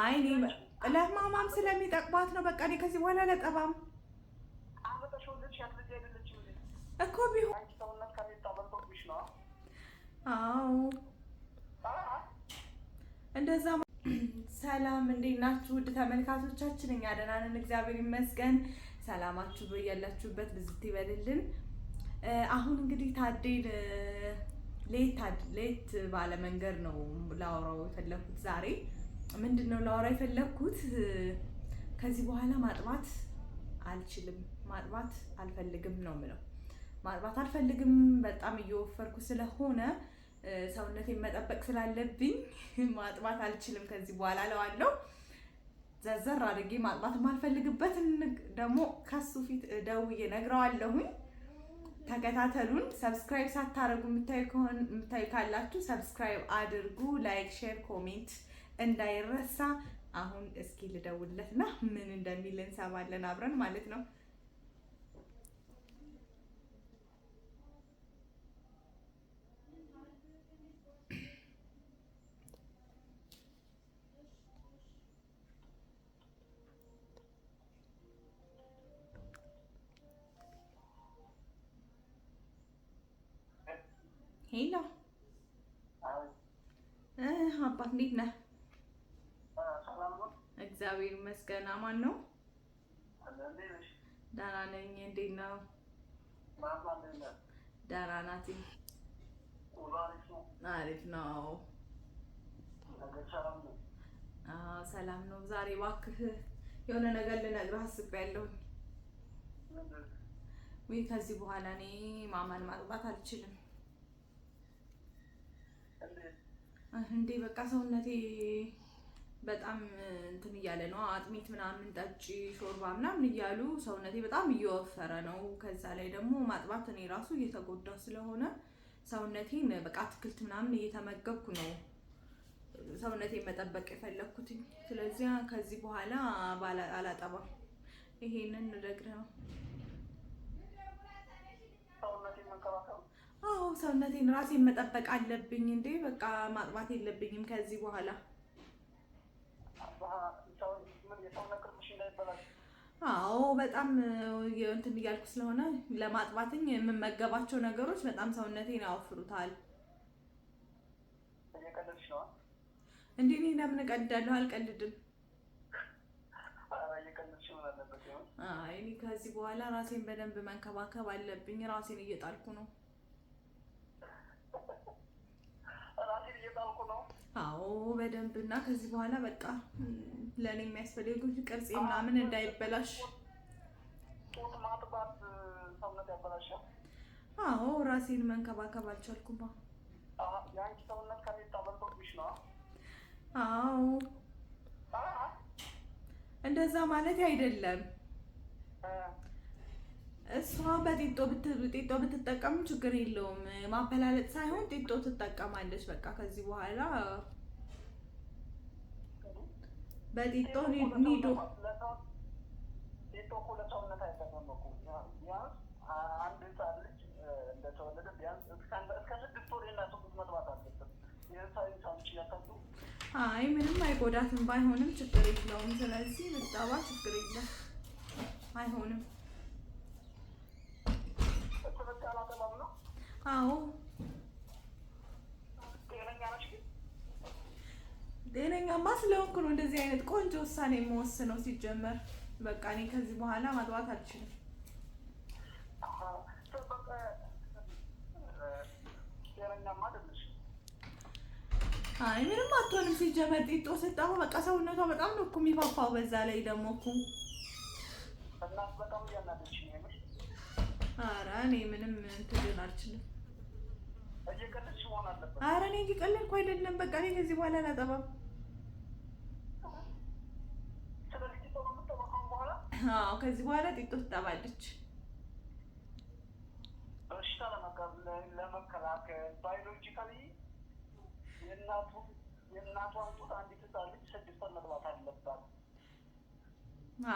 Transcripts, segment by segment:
አይ ለማማም ስለሚጠቅሟት ነው። በቃ እኔ ከዚህ በኋላ ለጠባም እኮ ቢሆን እንደዛ። ሰላም እንዴት ናችሁ ውድ ተመልካቾቻችን? እኛ ደህና ነን እግዚአብሔር ይመስገን። ሰላማችሁ ያላችሁበት ብዝት ይበልልን። አሁን እንግዲህ ታዴን ሌት ባለ መንገድ ነው ላውራው የፈለኩት ዛሬ ምንድን ነው ላወራ የፈለግኩት ከዚህ በኋላ ማጥባት አልችልም፣ ማጥባት አልፈልግም ነው ምለው። ማጥባት አልፈልግም በጣም እየወፈርኩ ስለሆነ ሰውነቴን መጠበቅ ስላለብኝ ማጥባት አልችልም ከዚህ በኋላ ለዋለው ዘርዘር አድርጌ ማጥባት የማልፈልግበትን ደግሞ ከሱ ፊት ደውዬ ነግረዋለሁኝ። ተከታተሉን። ሰብስክራይብ ሳታደርጉ የምታዩ ካላችሁ ሰብስክራይብ አድርጉ። ላይክ፣ ሼር፣ ኮሜንት እንዳይረሳ። አሁን እስኪ ልደውልለትና ምን እንደሚል እንሰማለን አብረን ማለት ነው። ሄሎ አባት እንዴት ነህ? እግዚአብሔር ይመስገን። አማን ነው። ደህና ነኝ። እንዴት ነው? ደህና ናት። አሪፍ ነው። ሰላም ነው። ዛሬ እባክህ የሆነ ነገር ልነግርህ አስቤያለሁ። ወይ ከዚህ በኋላ እኔ ማማን ማጥባት አልችልም። እንዴ በቃ ሰውነቴ በጣም እንትን እያለ ነው። አጥሚት ምናምን ጠጪ፣ ሾርባ ምናምን እያሉ ሰውነቴ በጣም እየወፈረ ነው። ከዛ ላይ ደግሞ ማጥባት እኔ ራሱ እየተጎዳ ስለሆነ ሰውነቴን በቃ አትክልት ምናምን እየተመገብኩ ነው ሰውነቴን መጠበቅ የፈለግኩትኝ። ስለዚህ ከዚህ በኋላ አላጠባም። ይሄንን ረግረ ነው። አዎ ሰውነቴን ራሴን መጠበቅ አለብኝ እንዴ! በቃ ማጥባት የለብኝም ከዚህ በኋላ አዎ በጣም እንትን እያልኩ ስለሆነ ለማጥባትኝ የምመገባቸው ነገሮች በጣም ሰውነቴን ያወፍሩታል። እንዴ እኔ ለምን እቀልዳለሁ? አልቀልድም። አይ ከዚህ በኋላ ራሴን በደንብ መንከባከብ አለብኝ። ራሴን እየጣልኩ ነው። አዎ በደንብ እና ከዚህ በኋላ በቃ ለእኔ የሚያስፈልግ ቅርጽ ምናምን እንዳይበላሽ ማጥባት ሰውነት ያበላሻል። አዎ ራሴን መንከባከብ አልቻልኩም። የአንቺ ሰውነት ከሚጣ በልቶብሽ ነው። አዎ እንደዛ ማለት አይደለም እሷ በጢጦ ጢጦ ብትጠቀሙ ችግር የለውም። ማበላለጥ ሳይሆን ጢጦ ትጠቀማለች። በቃ ከዚህ በኋላ በጢጦ ኒዶ አይ ምንም አይጎዳትም፣ ባይሆንም ችግር የለውም። ስለዚህ ምጣባ ችግር የለም፣ አይሆንም አዎ ጤነኛማ ስለሆንኩ ነው እንደዚህ አይነት ቆንጆ ውሳኔ የምወስነው። ሲጀመር በቃ እኔ ከዚህ በኋላ ማጥባት አልችልም። አይ ምንም አትሆንም። ሲጀመር ጢጦ ስጣሁ በቃ ሰውነቷ በጣም ነው እኮ የሚፋፋው። በዛ ላይ ደግሞ እኮ ኧረ እኔ ምንም እንትን አልችልም። አረ እኔ እየቀለድኩ አይደለም። በቃ እኔ ከዚህ በኋላ አላጠባም። አዎ ከዚህ በኋላ ጢጦ ትጠባለች። በሽታ ለመከላከል ባዮሎጂካሊ የእናቷን ጡት አንዲት ሕፃን ልጅ ስድስት ወር አለባት።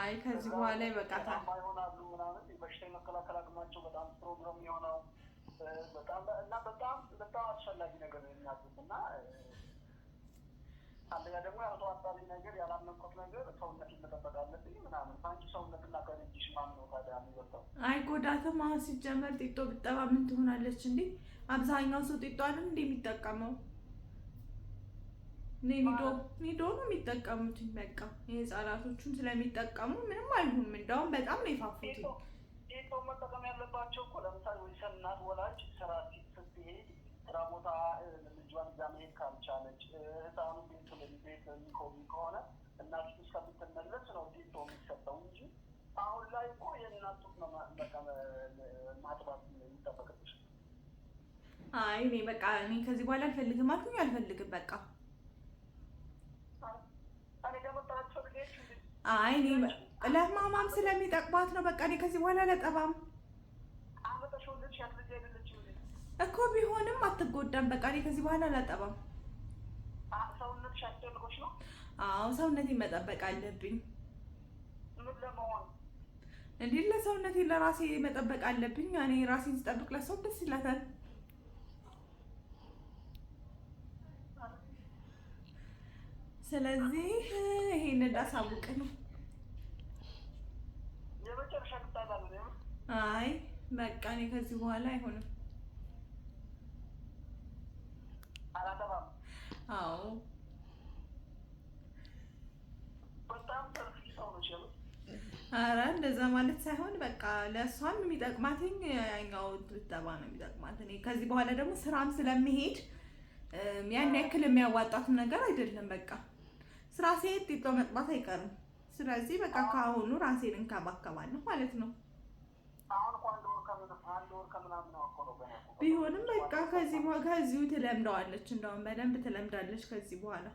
አይ ከዚህ በኋላ ይበቃታል። ይሆናሉ ምናምን በሽታ የመከላከል አቅማቸው በጣም ፕሮግራም የሆነው እና በጣም በጣም አስፈላጊ ነገር ነው የሚያዙት እና አንደኛ ደግሞ ያልቶ አጣሪ ነገር ያላመንኮት ነገር ሰውነት መጠበቅ አለብኝ ምናምን ሰውነት ና ከንጅሽ ማን ነው ታዲያ የሚወጣው? አይጎዳትም። አሁን ሲጀመር ጢጦ ብጠባ ምን ትሆናለች እንዴ? አብዛኛው ሰው ጢጧንም አይደል የሚጠቀመው? ኒዶ ኒዶ ነው የሚጠቀሙት። በቃ የህፃናቶቹን ስለሚጠቀሙ ምንም አይሁንም። እንደውም በጣም ነው የፋፉት ሰው መጠቀም ያለባቸው እኮ ለምሳሌ ወይሰን እናት ወላጅ ስራ ስትሄድ ስራ ቦታ ልጇን እዛ መሄድ ካልቻለች ህፃኑ ቤት ቤት የሚቆሚ ከሆነ እናት ጡት እስከምትመለስ ነው ፊቶ የሚሰጠው እንጂ አሁን ላይ እኮ የእናቱ ጡት ማጥባት ይጠበቅብሽ። አይ እኔ በቃ እኔ ከዚህ በኋላ አልፈልግም አልኩኝ አልፈልግም በቃ አይ እኔ ለማማም ስለሚጠቅባት ነው። በቃ እኔ ከዚህ በኋላ ለጠባም እኮ ቢሆንም አትጎዳም። በቃ እኔ ከዚህ በኋላ ለጠባም። አዎ ሰውነት መጠበቅ አለብኝ። እንዲህ ለሰውነቴ ለራሴ መጠበቅ አለብኝ። እኔ ራሴን ስጠብቅ ለሰው ደስ ይላታል። ስለዚህ ይሄን እንዳሳውቅ ነው አይ በቃ እኔ ከዚህ በኋላ አይሆንም። አዎ አረ እንደዛ ማለት ሳይሆን በቃ ለእሷም የሚጠቅማትኝ ያኛው ብጠባ ነው የሚጠቅማት። እኔ ከዚህ በኋላ ደግሞ ስራም ስለምሄድ ያን ያክል የሚያዋጣት ነገር አይደለም። በቃ ስራ ሲሄድ ጢጦ መጥባት አይቀርም። ስለዚህ በቃ ከአሁኑ ራሴን እንከባከባለሁ ማለት ነው። ቢሆንም በቃ ከዚህ ከዚሁ ትለምደዋለች። እንደውም በደንብ ትለምዳለች። ከዚህ በኋላ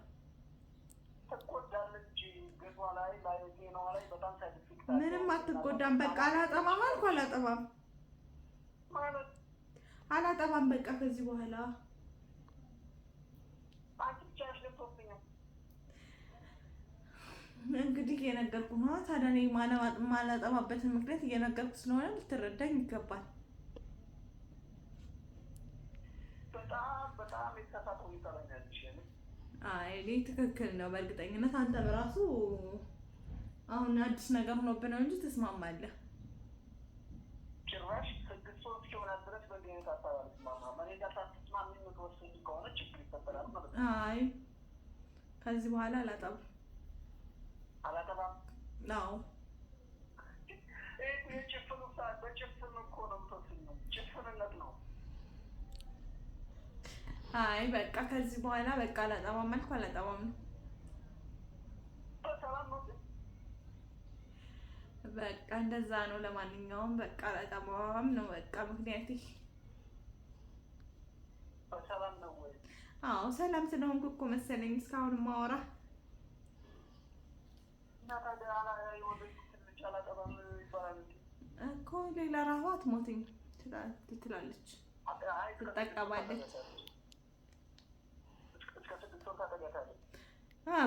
ምንም አትጎዳም። በቃ አላጠባም አልኩ አላጠባም አላጠባም። በቃ ከዚህ በኋላ እንግዲህ እየነገርኩ ነው ታዲያ። እኔ ማላጠባበትን ምክንያት እየነገርኩ ስለሆነ ልትረዳኝ ይገባል። እኔ ትክክል ነው። በእርግጠኝነት አንተ በራሱ አሁን አዲስ ነገር ሆኖብህ ነው እንጂ ትስማማለህ። ጭራሽ ድረስ በዚህ ከሆነ ችግር ይፈጠራል ማለት ነው። አይ ከዚህ በኋላ አላጠብም አላጠባም ነው አይ በቃ ከዚህ በኋላ በቃ አላጠባም አልኩ አላጠባም ነው። በቃ እንደዛ ነው። ለማንኛውም በቃ አላጠባም ነው በቃ ምክንያት አዎ ሰላም ስለሆንኩ እኮ መሰለኝ እስካሁን ማወራ እኮ ሌላ ራሷ አትሞትኝ ትላለች ትጠቀባለች።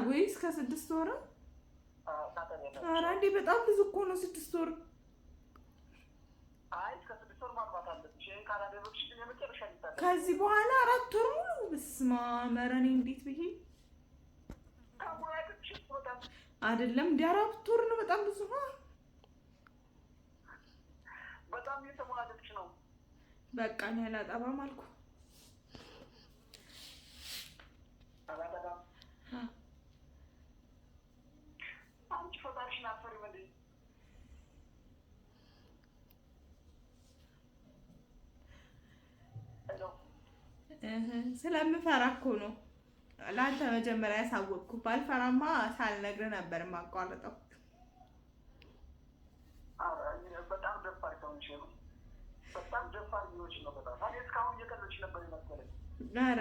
ወይስ ከስድስት ወር? ኧረ እንዴ በጣም ብዙ እኮ ነው ስድስት ወር። ከዚህ በኋላ አራት ወር ሙሉ ብስማ መረኔ እንዴት ብዬ አይደለም እንዲ አራት ወር ነው በጣም ብዙ በቃ ነው ያላጠባም አልኩ ስለምፈራ እኮ ነው ለአንተ መጀመሪያ ያሳወቅኩ። ባልፈራማ ሳልነግር ነበር የማቋርጠው። በጣም ደፋር ነው። በጣም ደፋር ነው። በጣም እስካሁን እየቀለች ነበር ይመስለኝ። ኧረ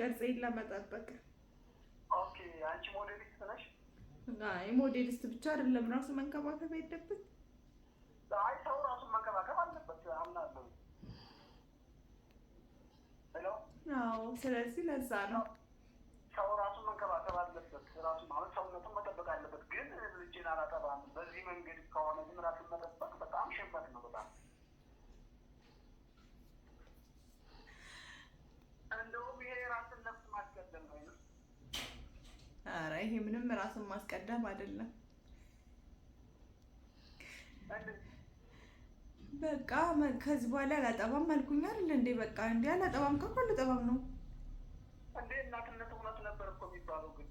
ቅርጼን ለመጠበቅ ኦኬ። አንቺ ሞዴሊስት ነሽ? አይ ሞዴሊስት ብቻ አይደለም ራሱ መንከባከብ ያለበት። አይ ሰው ራሱ መንከባከብ አለበት አምናለሁ። ሄሎ። አዎ፣ ስለዚህ ለዛ ነው ሰው ራሱ መንከባከብ አለበት። ራሱ ማለት ሰውነቱን መጠበቅ አለበት። ግን ልጅን አላጠባም በዚህ መንገድ ከሆነ ግን ራሱን መጠበቅ በጣም ሽንፈት ነው በጣም አረ ይሄ ምንም ራስን ማስቀደም አይደለም። በቃ ከዚህ በኋላ አላጠባም አልኩኝ አይደል እንዴ? በቃ እንዴ አላጠባም ከሆነ አላጠባም ነው እንዴ? እናትነት እውነት ነበር እኮ የሚባለው ግን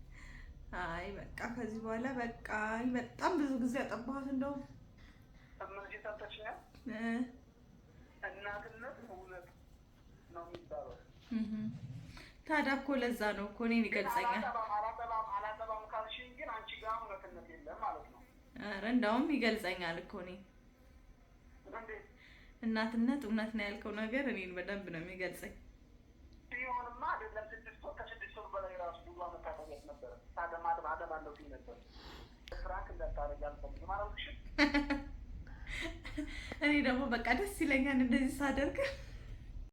አይ በቃ ከዚህ በኋላ በቃ በጣም ብዙ ጊዜ አጠባኋት። እንደውም እናትነት እውነት ነው የሚባለው ታዲያ እኮ ለዛ ነው እኮ እኔን ይገልጸኛል። ኧረ እንዳውም ይገልጸኛል እኮ እኔን እናትነት እውነት ነው ያልከው ነገር እኔን በደንብ ነው የሚገልጸኝ። እኔ ደግሞ በቃ ደስ ይለኛል እንደዚህ ሳደርግ